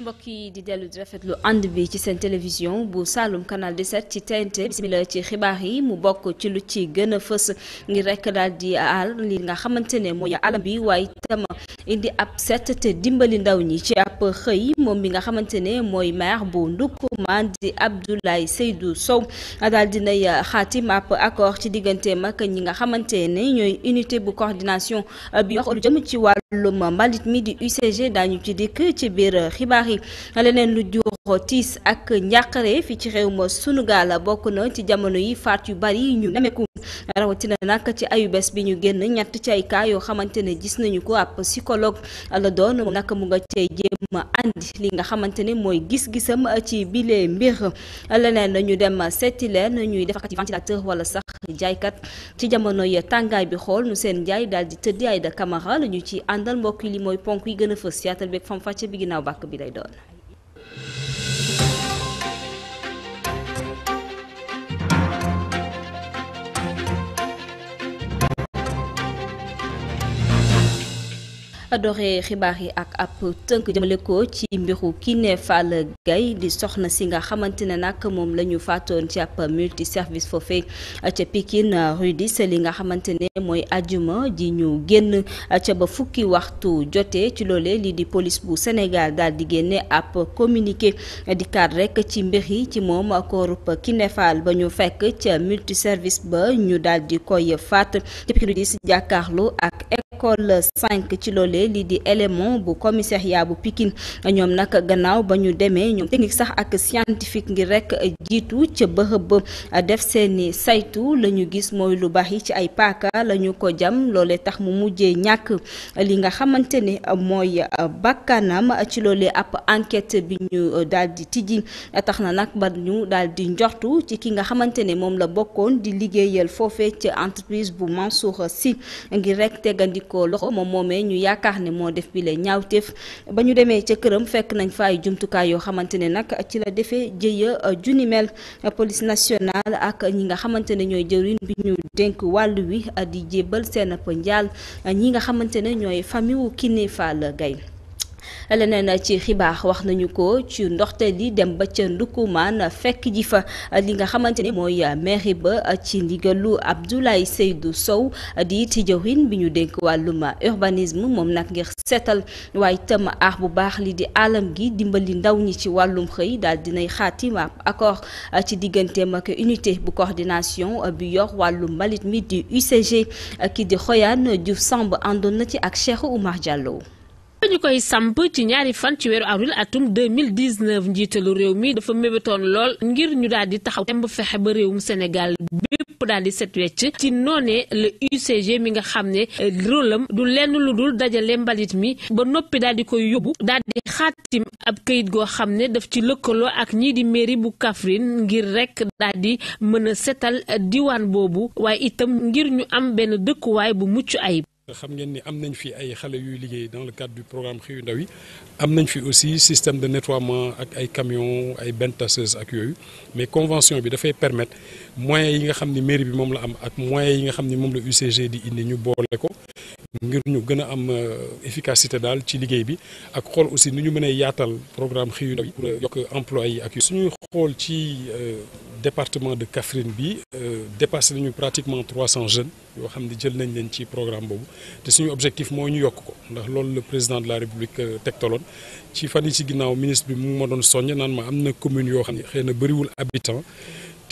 mbokk yi di dellu di rafetlu ànd bi ci seen télévision bu Saloum canal 17 ci TNT bismilla ci xibaar yi mu bokk ci lu ci gën a fës rek daal di aar li nga xamante ne mooy alam bi waaye itam indi ab set te dimbali ndaw ñi ci ab xëy moom bi nga xamante ne mooy maire bu di Abdoulaye Seydou Sow daal dinay xaatim ab accord ci digganteem ak ñi nga xamante ne unité bu coordination bi wax jëm ci wàllum mbalit mi di UCG daañu ci dikk ci biir xibaar Paris leneen lu jur tiis ak njàqare fi ci réew ma sunu gaal bokk na ci jamono yi faat yu bari yi ñu nemeeku rawatina nakk ci ayu bés bi ñu génn ñett ci ay yoo xamante ne gis nañu ko ab psychologue la doon nag mu nga cay jéem andi li nga xamante ne mooy gis-gisam ci bile mbir leneen ñu dem seeti leen ñuy defarkati ventilateur wala sax jaaykat ci jamono ya tàngaay bi xool nu seen jaay daal di tëddi ay da camara la ñu ci àndal mbokk yi li mooy ponk yi gën a fës yaatal bàkk bi Maradona doxee xibaar yi ak ab tënk jëmale ko ci mbiru Kiné Fall Gaye di soxna si nga xamante ne nag moom la ñu faatoon ci ab multi service foofee ca Pikine rue dix li nga xamante ne mooy ajuma ji ñu génn ca ba fukki waxtu jotee ci loole lii di police bu Sénégal daal di génne ab communiqué di kaat rek ci mbir yi ci moom koorub Kiné Fall ba ñu fekk ca multi service ba ñu daal di koy faat ca Pikine rue dix ak école 5 ci loolee lii di élément bu commissariat bu Pikine ñoom nag gannaaw ba ñu demee ñoom technique sax ak scientifique ngir rek jiitu ca bërëb def seeni saytu la ñu gis mooy lu baax yi ci ay paaka lañu ko jam loole tax mu mujjee ñàkk li nga xamante ne mooy bakkanam ci loolee ab enquête bi ñu daal di tijji tax na nag ba ñu daal di njortu ci ki nga xamante ne moom la bokkoon di liggéeyal foofee ci entreprise bu Mansour Sy ngir rek tegandi ko loxo moom moomee ñu yaakaar ne moo def bile ñaawteef ba ñu demee ca këram fekk nañ fa ay jumtukaay yoo xamante ne nag ci la defee jëya euh, junni mel police nationale ak ñi nga xamante ne ñooy jëwriñ bi ñu dénk wàll wi euh, di jébbal seen ab njaal ñi nga xamante ne ñooy famille wu Kiné Fall Gaye leneen ci xibaar wax nañu ko ci ndoxte li dem ba ca Ndoukoumane fekk ji fa li nga xamante ni mooy mairie ba ci ndigalu Abdoulaye Seydou Sow di ci jawrin bi ñu dénk wàllum urbanisme moom nag ngir seetal waaye itam aar bu baax li di alam gi dimbali ndaw ñi ci wàllum xëy daal dinay xaatima accord ci digganteem ak unité bu coordination bi yor wàllum mbalit mi di UCG ki di Xoyaan Diouf Samb àndoon na ci ak Cheikh Oumar Diallo laata ñu koy samp ci ñaari fan ci weeru avril atum 2019 njiitalu réew mi dafa mébétoon lool ngir ñu daal di taxaw temb fexe ba réewum senegal bépp daal di set wecc ci noonee le UCG mi nga xam ne eh, rôle du lenn lu dul dajale mbalit mi ba noppi daal di koy yóbbu daal xaatim ab kayit goo xam ne daf ci lëkkaloo ak ñii di mairie bu kafrin ngir rekk daal di mën a setal eh, diwaan boobu waaye itam ngir ñu am benn dëkkuwaay bu mucc ayib xam ngeen ni am nañ fi ay xale yuy liggéey dans le cadre du programme Xëyu Ndaw yi am nañ fi aussi système de nettoiement ak ay camions ay bennes ak yooyu mais convention bi dafay permettre moyens yi nga xam ni mairie bi moom la am ak moyens yi nga xam ni moom la UCG di indi ñu boole ko ngir ñu gën a am euh, efficacité daal ci liggéey bi ak xool aussi nu ñu mënee yaatal programme xëyu ndaw yi pour yokk emploi yi ak yu suñuy xool ci euh, département de Kaffrine bi euh, dépassé nañu pratiquement 300 jeunes yoo xam ne jël nañ leen ci programme boobu te suñu objectif mooy ñu yokk ko ndax loolu le président de la république tegtaloon ci fan yi ci ginnaaw ministre bi mu ma doon soññ naan ma am na commune yoo xam ne xëy na bëriwul habitant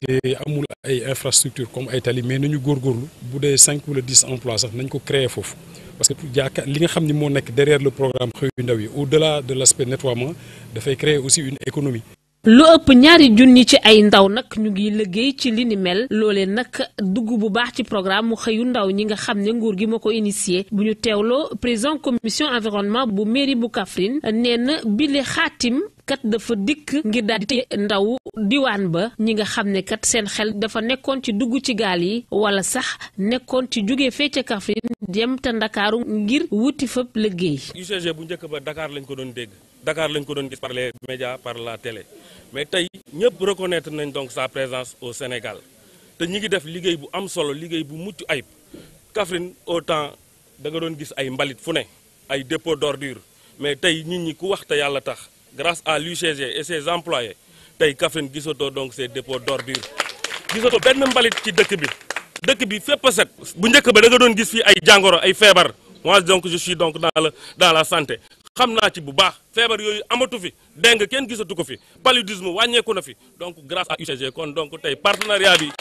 et amul ay infrastructure comme ay tali mais nañu góorgóorlu bu dé cinq ou dix emplois sax nañ ko créer fofu parce que yaakaar li nga xamni mo nek derrière le programme yu ndaw yi au-delà de l'aspect da fay créer aussi une économie lu ëpp ñaari junni ci ay ndaw nak ñu ngi liggéey ci li ni mel loolee nak dugg bu baax ci programme mu xëyu ndaw ñi nga xam ne nguur gi moo initié bu ñu teewloo président commission environnement bu mairie bu kafrine nee bi bile xaatim kat dafa dikk ngir daal di tëye ndaw diwaan ba ñi nga xam ne kat seen xel dafa nekkoon ci dugg ci gaal yi wala sax nekkoon ci jóge fee ca Kaffrine dem te Ndakaaru ngir wuti fëb liggéey. UCG bu njëkk ba Dakar lañ ko doon dégg Dakar lañ ko doon gis par les médias par la télé mais tey ñëpp reconnaître nañ donc sa présence au Sénégal te ñi ngi def liggéey bu am solo liggéey bu mucc ayib Kaffrine au temps da nga doon gis ay mbalit fu ne ay dépôt d'ordure mais tey nit ñi ku wax te yàlla tax. grâce à l'UCG et ses employés tey Kaffrine gisatoo donc ces dépôts d'ordures gisatoo benn mbalit ci dëkk bi dëkk bi fépp a set bu njëkk ba da doon gis fii ay jàngoro ay feebar mois donc je suis donc dans la dans la santé xam naa ci bu baax feebar yooyu amatu fi dégg nga kenn gisatu ko fi paludisme wàññeeku na fi donc grace à UCG kon donc tey partenariat bi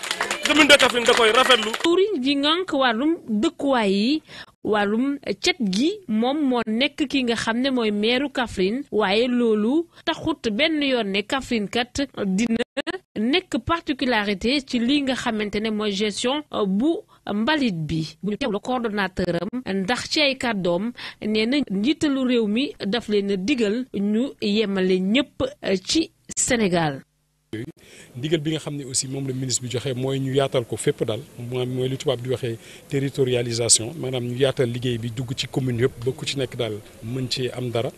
commune de Kaffrine da koy rafetlu. tuuriñ ji ngànk wàllum dëkkuwaay yi wàllum cet gi moom moo nekk ki nga xam ne mooy meeru Kaffrine waaye loolu taxut benn yoon ne Kaffrine kat dina nekk particularité ci li nga xamante ne mooy gestion euh, bu mbalit bi bu ñu teewlu coordonnateur am ndax ci ay kàddoom nee njiitalu réew mi daf leen digal ñu yemale ñëpp euh, ci Sénégal. ndigal bi nga xamné aussi mom le ministre bi joxé moy ñu yaatal ko fépp daal moy li tubab di waxé territorialisation manam ñu yaatal liggéey bi dugg ci commune yëpp ba ku ci nekk dal mën ci am dara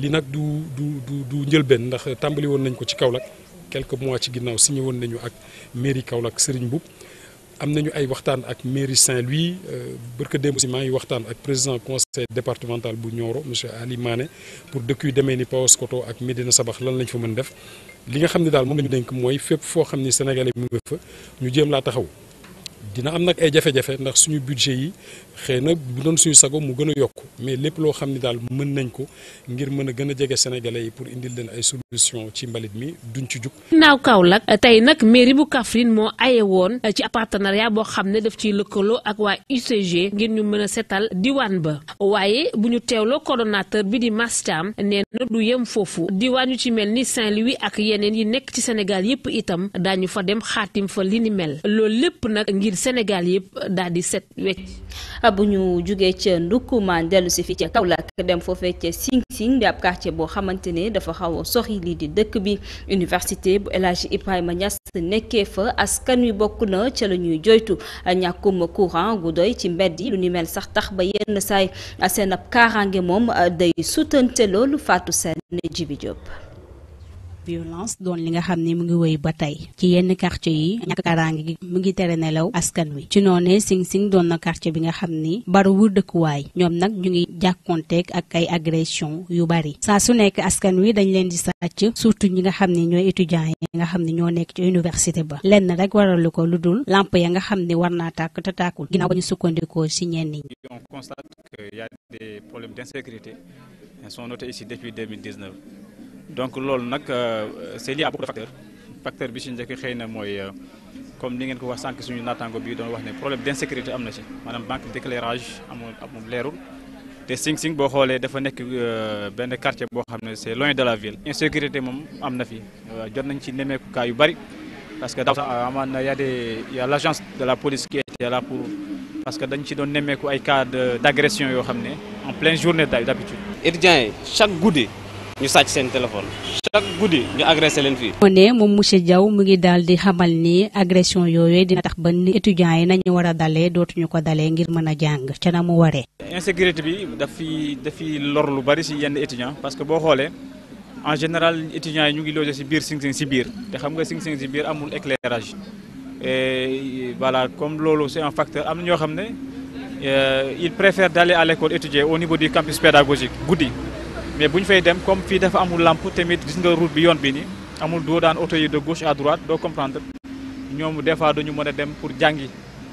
li nak du du du du ben ndax tambali won nañ ko ci Kaolack quelques mois ci ginnaaw signé won nañu ak mairie Kaolack Serigne Boub am nañu ay waxtaan ak mairie Saint-Louis euh, barka démb si maa ngi waxtaan ak président conseil départemental bu ñoro monsieur Ali Mané pour dëkk yu demee ni Paoskoto ak Médina Sabax lan lañ fa mën def li nga xam ne daal moom la ñu dénk mooy fépp foo xam ni sénégalais mu nga fa ñu jëm laa taxaw dina am nag ay jafe-jafe ndax suñu budget yi xëy na bu doon suñu sago mu gën a yokk mais lépp loo xam ne daal mën nañ ko ngir mën a gën a jege sénégalais yi pour indil leen ay solution ci mbalit mi duñ ci jug. naaw Kaolack tey nag mairie bu Kaffrine moo aye woon eh, ci partenariat boo xam ne daf ciy lëkkaloo ak waa UCG ngir ñu mën a setal diwaan ba waaye bu ñu teewloo coordonnateur bi di Mastam nee na du yem foofu diwaan yu ci mel ni Saint-Louis ak yeneen yi nekk ci senegal yëpp itam daañu fa dem xaatim fa li ni mel loolu lépp nag ngir Sénégal yëpp daal di set wecc bu ñu jugee ca Ndoukoumane dellu si fi ca Kaolack dem foofee ca Sing Sing di ab quartier boo xamante ne dafa xaw a soxi lii di dëkk bi université bu El Hadj Ibrahima Niass nekkee fa askan wi bokk na ca la ñuy joytu ñàkkuma courant gu doy ci mbedd yi lu ni mel sax tax ba yenn saay seen ab kaaraange moom day sutante loolu faatu Sène Djibi Diop violence doon li nga xam ne mu ngi wéy ba tey ci yenn quartier yi ñàkk kaaraange gi mu ngi tere nelaw askan wi ci noonee Sing Sing doon na quartier bi nga xam ni bariwul dëkkuwaay ñoom nag ñu ngi jàkkoonteeg ak ay agression yu bari saa su nekk askan wi dañ leen di sàcc surtout ñi nga xam ne ñooy étudiants yi nga xam ni ñoo nekk ci université ba lenn rek waralu ko lu dul lamp ya nga xam ne war naa tàkk te tàkkul ginnaaw ba ñu sukkandikoo si ñenn ñi. on constate a donc loolu nak euh, c'est lié à beaucoup de facteurs facteur bi si njëkk xëy na mooy euh, comme ni ngeen ko wax sànq suñu naataango bi doon wax ne problème d'insécurité am na ci maanaam manque d'éclairage amul amul leerul te Sing Sing boo xoolee dafa nekk euh, benn quartier boo xam ne c'est loin de la ville. insécurité moom am na fi jot nañ ci nemmeeku cas yu bari parce que daaw sax amaan na y a des y a l'agence de la police qui était là pour parce que dañ ci doon nemmeeku ay cas d'agression yoo xam ne en pleine journée d'habitude. Et yi chaque goudé. ñu sàcc seen téléphone chaque guddi ñu agressé leen fii. moo ne moom monsieur Diaw mu ngi daal di xamal ni agression yooyu dina tax ba ni étudiants yi nañu war a dalee dootuñu ko dalee ngir mën a jàng ca na mu waree. insécurité bi daf fi daf lor lu bari si yenn étudiants parce que boo xoolee en général étudiants yi ñu ngi logé si biir Sing Sing si biir te xam nga Sing Sing si biir amul éclairage et voilà comme loolu c'est un facteur am ñoo xam ne euh, il préfère d'aller à l'école étudier au niveau du campus pédagogique guddi. mais buñ fay dem comme fi dafa amul lampe tamit gis nga route bi yoon bi ni amul doo daan yi de gauche à droite do comprendre ñom des fois dañu mëna dem pour jangi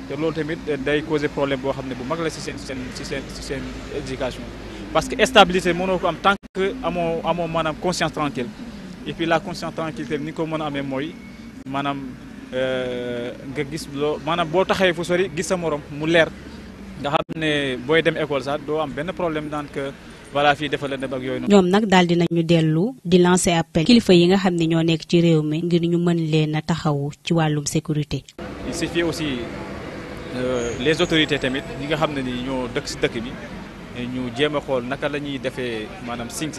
té loolu tamit day causer problème bo xamné ne bu mag la ci sen seen sen seen éducation parce que stabilité mëno ko am tant que amo amoo maanaam conscience tranquille et puis la conscience tranquille ni ko mëna amé moy manam euh nga gis lo manam bo taxawee fu sori gis sa morom mu leer nga xamné boy dem école sax do am ben problème dans que voilà fii defal leen ak yooyu noonu. ñoom nag daal dinañu dellu di lancer appel kilifa yi nga xam ne ñoo nekk ci réew mi ngir ñu mën leen a taxawu ci wàllum sécurité. il suffit aussi euh, les autorités tamit ñi nga xam ne ni ñoo dëkk si dëkk bi ñu jéem a xool naka la ñuy defee maanaam Sing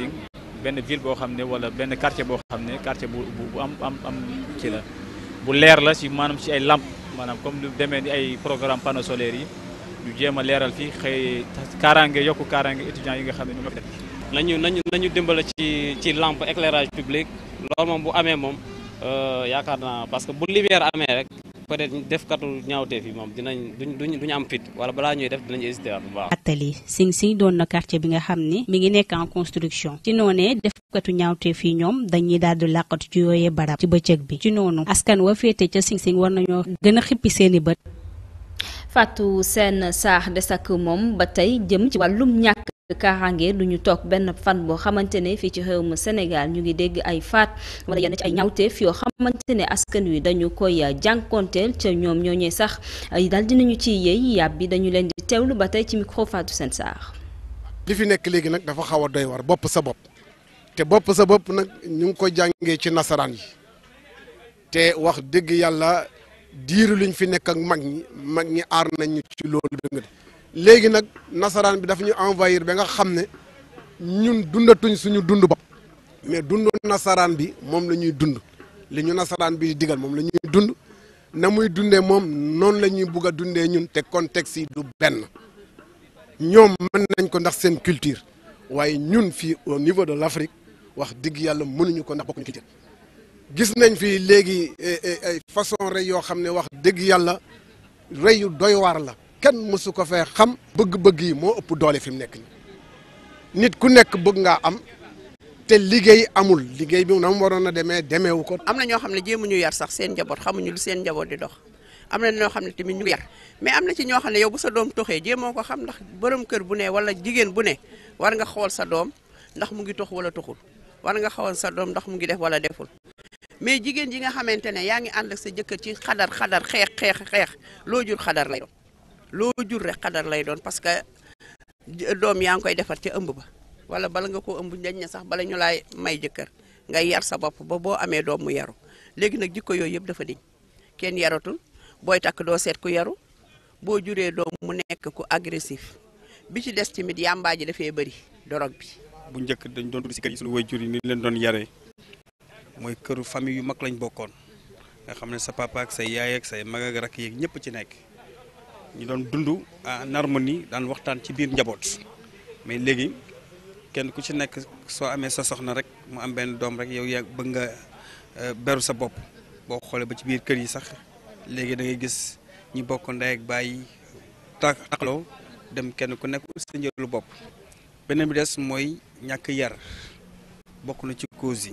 benn ville boo xam ne wala benn quartier boo xam ne quartier bu bu am am am ci la bu leer la si maanaam si ay làmp maanaam comme lu demee ni ay programme panneaux solaires yi. ñu jéem a leeral fii xëy kaaraange yokku kaaraange étudiants yi nga xam ne ñoo fi def nañu nañu dimbale ci ci éclairage public loolu moom bu amee moom euh, yaakaar naa parce que bu lumière amee rek peut-être defkatu ñaawteef yi moom dinañ duñ duñ am fit wala balaa ñuy def dinañ hésité waat bu baax. atali Sing doon na quartier bi nga xam ni mi ngi nekk en construction ci noonee defkatu ñaawteef yi ñoom dañuy daal di ci yooyee barab ci bëccëg bi ci noonu askan a xippi seeni Fatou Sène Sarr des ak moom ba tey jëm ci wàllum ñàkk kaaraange du ñu toog benn fan boo xamante ne fii ci réew mu Sénégal ñu ngi dégg ay faat wala yenn ci ay ñawteef yoo xamante ne askan wi dañu koy jànkonteel ca ñoom ñooñee sax daal dinañu ci yéey yàb bi dañu leen di teewlu ba tey ci micro Fatou seen Sarr. li fi nekk léegi nag dafa xaw a doy war bopp sa bopp te bopp sa bopp nag ñu ngi ko jàngee ci nasaraan yi te wax dëgg yàlla. diiru liñ fi nekk ak mag ñi mag ñi aar nañ ñu ci loolu dëgg léegi nag nasaraan bi dafa ñu envahir ba nga xam ne ñun dundatuñ suñu dund bopp mais dund nasaraan bi moom la ñuy dund li nasaraan bi digal moom la ñuy dund na muy dundee moom noonu la ñuy bugg a dundee ñun te contexte yi du benn ñoom mën nañ ko ndax seen culture waaye ñun fii au niveau de l'Afrique wax digg yàlla mënuñu ko ndax bokkuñu culture gis nañ fi léegi eh, eh, ay façon rey yoo xam ne wax dëgg yàlla rey yu doy waar la kenn mësu ko fee xam bëgg-bëgg yi moo ëpp doole fi mu nekk ni nit ku nekk bëgg ngaa am te liggéey amul liggéey bi na mu waroon a demee demeewu ko am na ñoo xam ne jéemuñu yar sax seen njaboot xamuñu lu seen njaboot di dox am na ñoo xam ne tamit ñu yar mais am na ci ñoo xam ne yow bu sa doom toxee jéemoo ko xam ndax borom kër bu ne wala jigéen bu ne war nga xool sa doom ndax mu ngi tox wala toxul war nga xawal sa doom ndax mu ngi def wala deful mais jigéen ji nga xamante ne yaa ngi ànd ak sa jëkkër ci xadar xadar xeex xeex xeex loo jur xadar lay doon loo jur rek xadar lay doon parce que doom yaa ngi koy defar ci ëmb ba wala bala nga koo ëmb dañ ne sax bala ñu laay may jëkkër nga yar sa bopp ba boo amee doom mu yaru léegi nag jikko yooyu yëpp dafa diñ kenn yaratul booy takk doo seet ku yaru boo juree doom mu nekk ku agressif bi ci des tamit yàmbaa ji dafee bëri dorog bi. bu njëkk dañ doon tudd si kër yi sunu doon yaree. moy keuru famille yu mag lañ bokkon nga xamne sa papa ak sa yaay ak sa mag ak rakk yeeg ñëpp ci nekk ñu doon dundu en harmonie daan waxtaan ci biir njabot mais legui kenn ku ci nekk so amé sa soxna rek mu am ben dom rek yow yaa bëgg nga euh, beru sa bop bo xolé ba ci biir kër yi sax legui da ngay gis ñi bokk nday ak tak taklo dem kenn ku nekk sa lu bop benen bi des moy ñak yar bokku na ci cause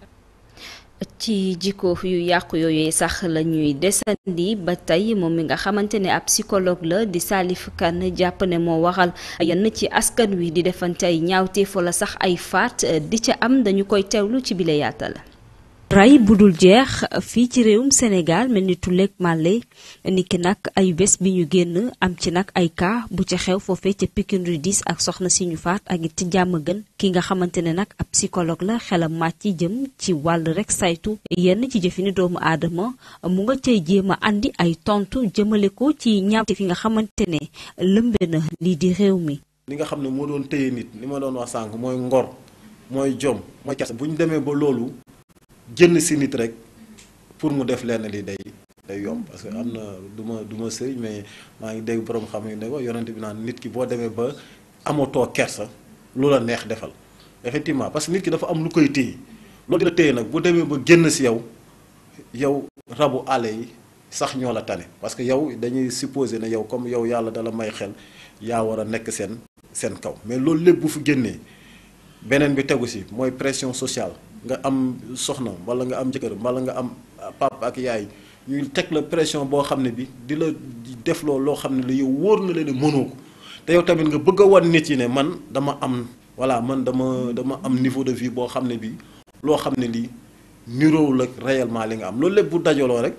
ci jikko yu yàqu yooyu sax lañuy ñuy desandi ba tey moom mi nga xamante ne ab psychologue la di Salif jàpp ne moo waxal yenn ci askan wi di defante ay ñaawteef la sax ay faat di ca am dañu koy teewlu ci bile la ray bu dul jeex fii ci réewum Sénégal mel ni tulleeg màlle ni ki nag ay bés bi ñu génn am ci nag ay cas bu ca xew foofe ca Pikine Rue 10 ak soxna si ñu faat ak ci jàmm gën ki nga xamante ne nag ab psychologue la xelam màcc jëm ci wàll rek saytu yenn ci jëfini doomu aadama mu nga cay jéem a andi ay tontu jëmale ko ci ñaawte fi nga xamante ne lëmbe na lii di réew mi. li nga xam ne moo doon téye nit li ma doon wax mooy ngor mooy jom mooy cas bu demee loolu. jënd si nit rek pour mu def lenn li day day yomb parce que am na du ma du ma sëriñ mais maa ngi dégg borom xam yu ne ko yonent bi naan nit ki boo demee ba amatoo kersa lu la neex defal effectivement parce que nit ki dafa am lu koy téye loolu dina téye nag bu demee ba génn si yow yow rabu àll yi sax ñoo la tane parce que yow dañuy supposé ne yow comme yow yàlla dala may xel yaa war a nekk seen seen kaw mais loolu lépp bu fi génnee beneen bi tegu si mooy pression sociale nga am soxna wala nga am jëkër wala nga am papa ak yaay ñu tek la pression bo xamne bi di la def lo lo xamne ne la yow wor na leene mëno ko te yow tamit nga bëgg won nit yi ne man dama am wala man dama dama am niveau de vie bo xamne bi lo xamne li lii niroow la réellement li nga am loolu lepp bu dajolo rek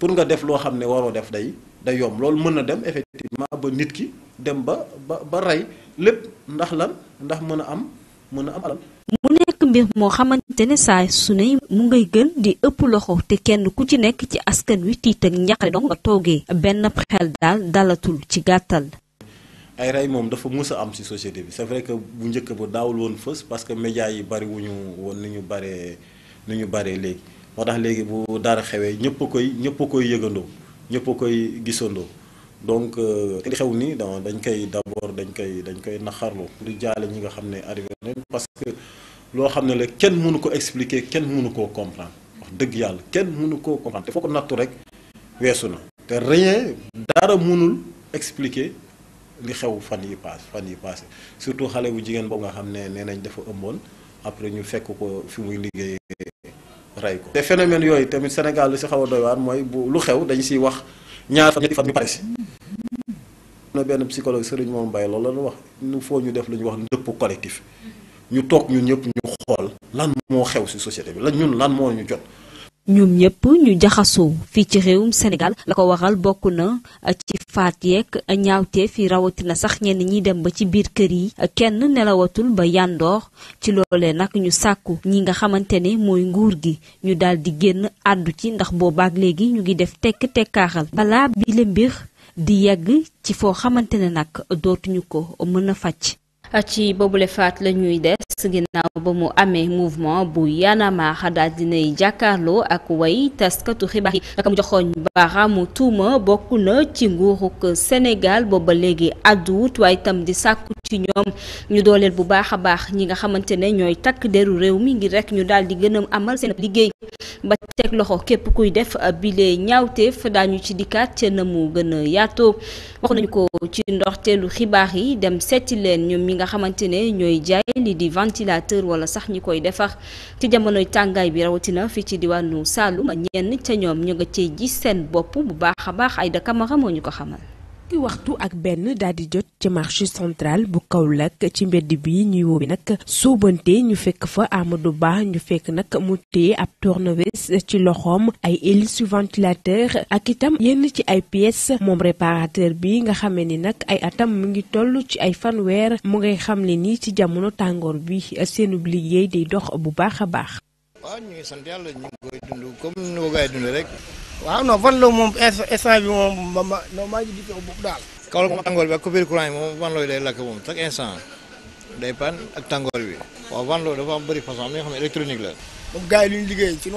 pour nga def lo xamne waro def day day yom loolu mën na dem effectivement ba nit ki dem ba ba ba ndax lan ndax am mona am mbir moo xamante ne saa su ne mu ngay gën di ëpp loxo te kenn ku ci nekk ci askan wi tiit ak njaqare dong nga toogee benn xel daal dalatul ci gàttal. ay rey moom dafa mës am ci société bi c'est vrai que bu njëkk bu daawul woon fës parce que médias yi bari wu ñu woon ni ñu baree ni ñu baree léegi moo tax léegi bu dara xewee ñëpp koy ñëpp koy yëgandoo ñëpp koy gisandoo donc euh, li xew nii dañ koy d'abord dañ koy dañ koy naxarloo di jaale ñi nga xam ne arrivé nañ parce loo xam ne la kenn mënu ko expliquer kenn mënu koo comprendre wax dëgg yàlla kenn mënu koo comprendre te foo ko nattu rek weesu na te rien dara mënul expliquer li xew fan yi paas fan yi paase surtout xale bu jigéen boobu nga xam ne nee nañ dafa ëmboon après ñu fekk ko fi muy liggéey rey ko. te phénomène yooyu tamit Sénégal lu si xaw a doy waar mooy bu lu xew dañu siy wax ñaar fan fan ñu pare si. na benn psychologue Serigne moom Mbaye loolu la ñu wax il faut ñu def lu ñuy wax ndëpp collectif. ñu toog ñëpp ñu xool ñu jaxasoo fii ci réewum senegal la ko waxal bokk na ci faat yeeg ñaawtee fi rawatina sax ñenn ñi dem ba ci biir kër yi kenn nelawatul ba yandoor ci loolee nag ñu sàkku ñi nga xamante ne mooy nguur gi ñu dal di génn àddu ci ndax boobaak léegi ñu ngi def tekk tekkaaral balaa bile mbir di yegg ci foo xamante ne nag dootuñu ko mën a faj. ci boobule faat la ñuy des ginnaaw ba mu amee mouvement bu yanamaax daal nay jàkkaarloo ak way taskatu xibaar yi naka mu joxoñ baaraamu tuuma bokk na ci nguuruk Sénégal booba léegi àdduwut waaye itam di sàkku ci ñoom ñu dooleel bu baax a baax ñi nga xamante ne ñooy takk deru réew mi ngir rek ñu daal di gën a amal seen liggéey ba teg loxo képp kuy def bile ñaawteef daañu ci dikkaat ca na mu gën a yaatoo nañu ko ci ndorteelu xibaar yi dem seeti nga xamante ne ñooy jaay li di ventilateur wala sax ñi koy defar ci jamonoy tàngaay bi rawatina fii ci diwaanu Saloum ñenn ca ñoom ñu nga cee gis seen bopp bu baax a baax ay da kamara moo ñu ko xamal fukki waxtu ak benn daal di jot ci marché central bu kaw lakk ci mbedd bi ñuy woobi nag sóobante ñu fekk fa Amadou Ba ñu fekk nag mu téye ab tournevis ci loxoom ay hélices suventilater ak itam yenn ci ay pièces moom réparateur bi nga xame ni nag ay atam mu ngi toll ci ay fanweer mu ngay xamle ni ci jamono tàngoor bi seenub liggéey day dox bu baax a baax. waaw non van loo moom instant bi moom ma non maa ngi gis bopp daal. Kaolack moom lakk moom chaque instant day pan waaw van loo dafa am bëri façon xam ne électronique la. moom gars yi lu ñu liggéey ci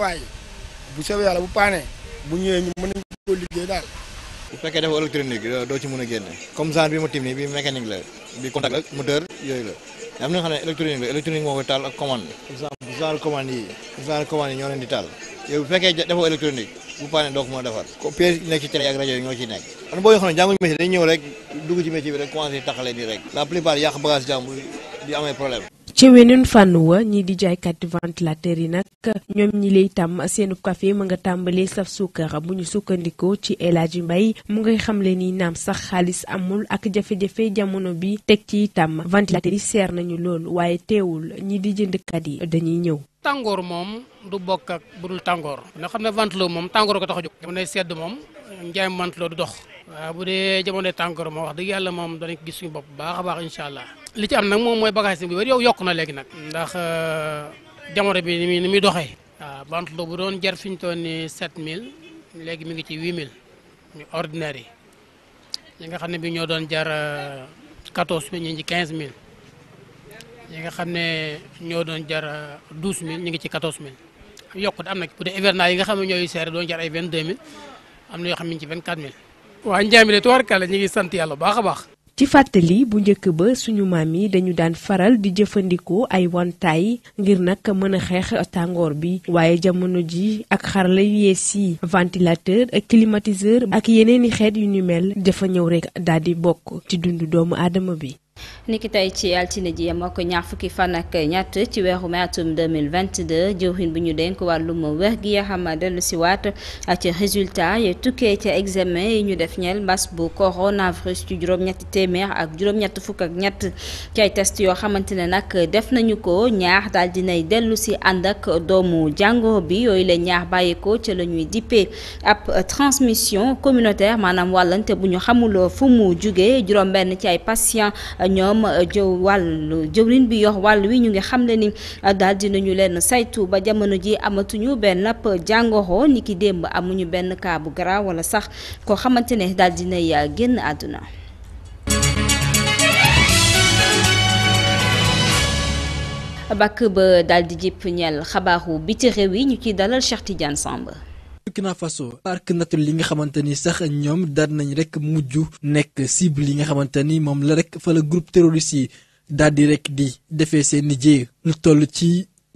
bu soobee yàlla bu paanee bu ñëwee ñu mën nañu koo liggéey daal. bu fekkee dafa euh, doo ci mën a génne comme genre bi ma tim nii bi mécanique la bi contact la moteur yooyu la am na taal ak commande exemple genre yi genre commande yi ñoo leen di taal yow bu fekkee dafa électronique bu paane doo ko mën a defar ko pièce nekk ci télé ak rajo yi ñoo ciy nekk man boo yoo xam ne jànguñu métier ñëw rek dugg ci métier bi rek commencé taxalee nii rek la plupart yàq bagage jàmbur di amee problème ci weneen fànn wa ñii di jaaykati ventilateur yi nag ñoom ñi lay tàmm seenu café ma nga tàmbalee saf suukar bu ñu sukkandikoo ci El Hadji mbay mu ngay xam xamle ni naam sax xaalis amul ak jafe jamono bi teg ci tàmm ventilateur yi seer nañu lool waaye teewul ñi di jëndkat yi dañuy ñëw. tàngoor moom du bokk ak bu dul tàngoor. nga xam ne ventilo moom tàngoor ko tax a jóg. jamonoy sedd moom njaay ventilo du dox. waaw bu dee jamonoy tàngoor moom wax dëgg yàlla moom danañ gis suñu bopp li ci am nag moom mooy bagage bi yow yokk na léegi nag ndax euh, jamono bi ni muy ni muy doxee waaw ah, bantlo bu doon jar fi ñu ni ni 7000 léegi mi ngi ci 8000 ñu ordinaire yi ñi nga xam ne bi ñoo doon jar 14 euh, bi ñu ngi ci 15000 ñi nga xam ne ñoo doon jar 12000 euh, ñu ngi ci 14000 yokkute am na bu dee hivernage yi nga xam ne ñooy seere doon jar ay 22000 am na yoo xam ne ñu ngi ci 24000 waaw Ndiamé de tubaarkàlla ñu ngi sant yàlla bu baax a baax ci fàttali bu njëkk ba suñu maam yi dañu daan faral di jëfandikoo ay wantaay ngir nag mën a xeex tàngoor bi waaye jamono ji ak xarala yu yees yi ventilateur ak climatiseur ak yeneeni xeet yu ñu mel dafa ñëw rekk daal di bokk ci dundu doomu aadama bi niki tey ci altine ji yam ak ñaar fukki fan ak ñett ci weeru mai atum 2022 jëwriñ bu ñu dénk wàllum wér gi yaxam dellu si waat ci résultat yi tukkee ca examen yi ñu def ñeel mbas bu coronavirus ci juróom téeméer ak juróom fukk ak ñett ci ay yoo xamante ne nag def nañu ko ñaar daal dellu si ànd ak doomu jàngoro bi yooyu la ñaar bàyyeekoo ca la ñuy dippee ab transmission communautaire maanaam wàllante bu ñu xamuloo fu mu jugee juróom-benn ci ay patient ñoom ñoom euh, jëw wàllu jëwriñ bi yox wàll wi ñu ngi xam le ni euh, daldi nañu leen saytu ba jamono ji amatuñu benn ab jàngoro ni ki démb amuñu benn kaabu bu wala sax koo xamante ne daal dinay euh, génn àdduna bakk ba daal di jip ñeel xabaaru biti réew yi ñu ciy dalal Cheikh Tidiane Samb Burkina Faso parc natul li nga xamante ni sax ñoom daal nañ rek mujj nekk cible yi nga xamante ni moom la rek fa la groupe terroriste yi daal di rek di defee seen liggéey lu toll ci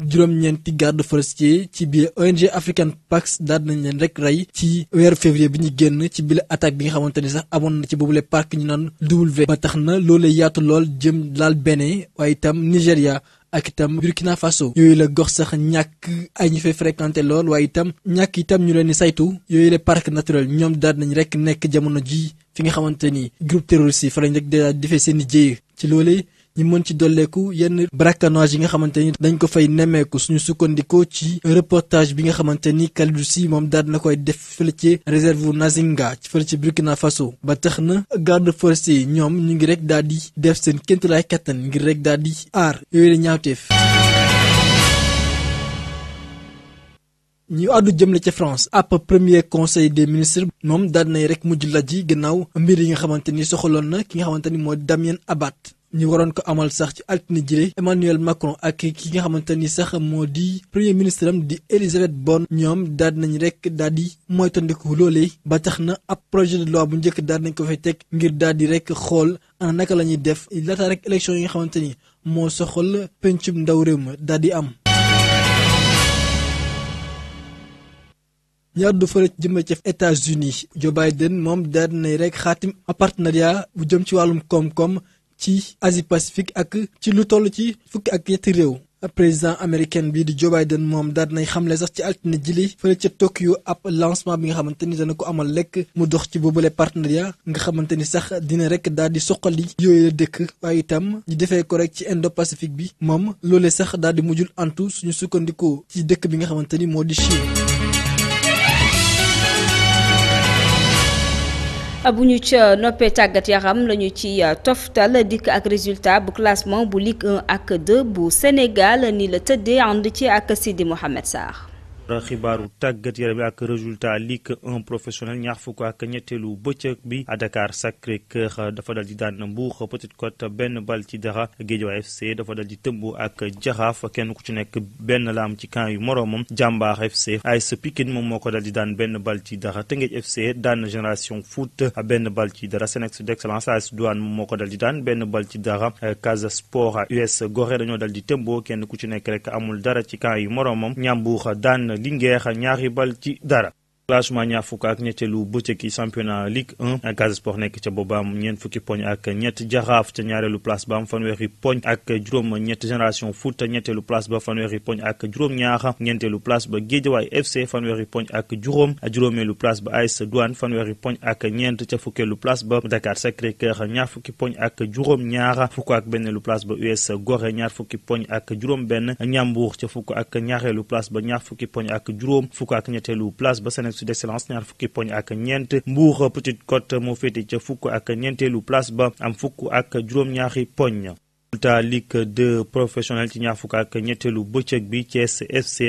juróom-ñeenti garde forestier ci biir ONG African Pax daal nañ leen rek rey ci weer février bi ñu génn ci bile attaque bi nga xamante ni sax amoon na ci boobule parc ñu naan W ba tax na loolee yaatu lool jëm laal Bénin waaye itam Nigéria ak itam Burkina Faso yooyu la gox sax ñàkk ay ñu fay fréquenté lool waaye itam ñàkk itam ñu leen di saytu yooyu la parc naturel ñoom daal nañ rek nekk jamono ji fi nga xamante ni groupe terroriste yi fa lañ rek di defee seen i jéey ci loolee ñi mën ci dolleeku yenn braconnage yi nga xamante ni dañ ko fay nemmeeku suñu sukkandikoo ci reportage bi nga xamante ni Kalidou moom daal koy def fële ci réserve Nazinga ci fële ci Burkina Faso ba tax na garde forestier ñoom ñu ngi rek daal di def seen kéntalaay kattan ngir rek daal di aar yooyu la ñaawteef ñu àddu jëmle ca France ab premier conseil des ministre moom daal nay rek mujj la ji gannaaw mbir yi nga xamante ni soxaloon na ki nga xamante ni mooy Damien Abad ñu waroon ko amal sax ci altine jile Emmanuel Macron ak ki nga xamante ni sax moo di premier ministre am di Elisabeth Borne ñoom daal nañ rek daal di moytandiku loolee ba tax na ab projet de loi bu njëkk daal nañ ko fay teg ngir daal di rek xool ana naka la ñuy def laata rek élection yi nga xamante ni moo soxal pencum ndaw réew ma daal di am. ñaar du fële jëmee ci États-Unis Joe Biden moom daal nañ rek xaatim partenariat bu jëm ci wàllum koom-koom. ci Asie Pacifique ak ci lu toll ci fukki ak ñetti réew. président américaine bii di Joe Biden moom daal nay xamle sax ci altine jili fële ca Tokyo ab lancement bi nga xamante ni dana ko amal lekk mu dox ci boobule partenariat nga xamante ni sax dina rekk daal di soqali yooyu la dëkk waaye itam ñu defee ko rek ci indo pacifique bi moom loolee sax daal di mujjul antu suñu sukkandikoo ci dëkk bi nga xamante ni moo di Chine. bu ñu ca noppee tàggat yaram la ñu ci euh, toftal dikk ak résultat bu classement bu Ligue 1 ak 2 bu Sénégal ni la tëddee ànd ci ak Sidi Mohamed Sarr xibaaru tàggat ak résultat Ligue 1 professionnel ñaar fukk ak ñetteelu bëccëg bi à Sacré Cœur dafa dal di daan Mbour Petite Côte benn bal ci dara Guédiawaye FC dafa dal di tëmb ak Jaraaf kenn ku ci nekk benn la am ci kan yu moroomam Jàmbaar FC AS Pikine moom moo ko dal di daan benn bal ci dara Teungueth FC daan Génération Foot benn bal ci dara Senex d'Excellence AS Douane moom moo ko dal di daan benn bal ci dara Casa Sport US Gorée dañoo dal di tëmboo kenn ku ci nekk rek amul dara Linguère ñaari bal ci dara. classement ñaar fukk ak ñetteelu bëccëg yi championnat Ligue 1 Casa Sport nekk ca booba am ñeent fukki poñ ak ñett Jaraaf ca ñaareelu place ba am fanweeri poñ ak juróom ñett Génération Foot ñetteelu place ba fanweeri ak juróom-ñaar ñeenteelu ba Guédiawaye FC ak juróom juróomeelu place ba AS Douane ak poñ ak juróom-ñaar fukk ak ba US Gorée ak juróom benn Ñambour ca fukk ak ñaareelu place ba ñaar fukki poñ ak juróom bourse d'excellence ñaar fukki poñ ak ñeent Mbour Petite Côte moo féete ca fukk ak ñeenteelu place ba am fukk ak juróom-ñaari poñ résultat Ligue 2 professionnel ci ñaar ak ñetteelu bëccëg bi Thiès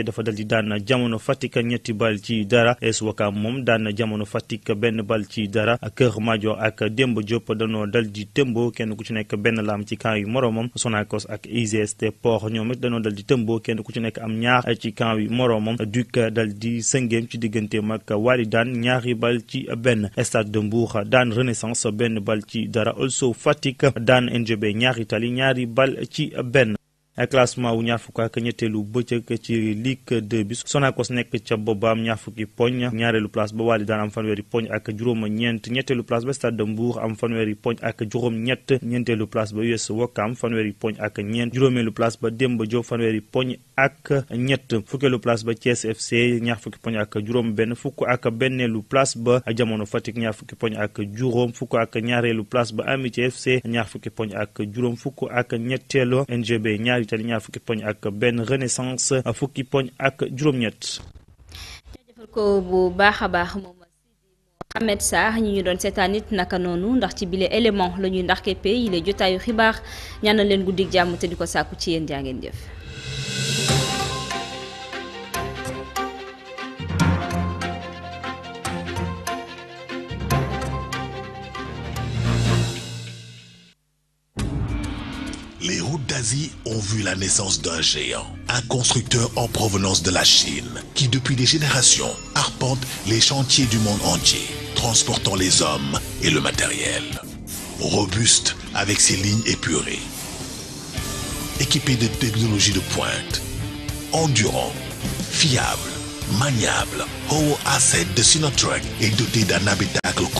dafa dal di daan jamono Fatick ñetti bal ci dara AS Ouakam moom daan jamono Fatick benn bal ci dara Kër Madior ak Demba Diop danoo dal di tëmboo kenn ku ci nekk benn laam ci camp yu moroomam Sonacos ak IGST Port ñoom it danoo dal di tëmboo kenn ku ci nekk am ñaar ci camp yu moroomam Duc dal di sëngeem ci digganteem ak Walidane ñaari bal ci benn Stade de Mbour daan Renaissance benn bal ci dara also Fatick daan NGB ñaari tali ñaari bal ci benn classement wu ñaar fukk ak ñetteelu bëccëg ci Ligue 2 bi Sonacos nekk ca boobaam ñaar fukki poñ ñaareelu place ba Wally daan am fanweeri poñ ak juróom ñeent ñetteelu place ba Stade de Mbour am fanweeri poñ ak juróom ñett ñeenteelu place ba US Ouakam fanweeri poñ ak ñeent juróomeelu place ba Demba Diop fanweeri poñ ak ñett fukkeelu place ba Thiès FC ñaar fukki poñ ak juróom benn fukk ak benneelu place ba Jamono Fatick ñaar fukki poñ ak juróom fukk ak ñaareelu place ba Amitié FC ñaar fukki poñ ak juróom fukk ak ñetteelu NGB ñaari tali ñaar fukki poñ ak benn renaissance fukki poñ ak juróom-ñett. jaajëfal ko bu baax a baax moom Ahmed Sarr ñi ñu doon seetaan nit naka noonu ndax ci bile élément la ñuy ndax keppe yi lay jotaayu xibaar ñaanal leen guddik jàmm te di ko sàkku ci yéen jaa ngeen jëf. ont vu la naissance d'un géant, un constructeur en provenance de la Chine, qui depuis des générations arpente les chantiers du monde entier, transportant les hommes et le matériel. Robuste avec ses lignes épurées, équipé de technologies de pointe, endurant, fiable, maniable, à Asset de Sinotrek et doté d'un habitacle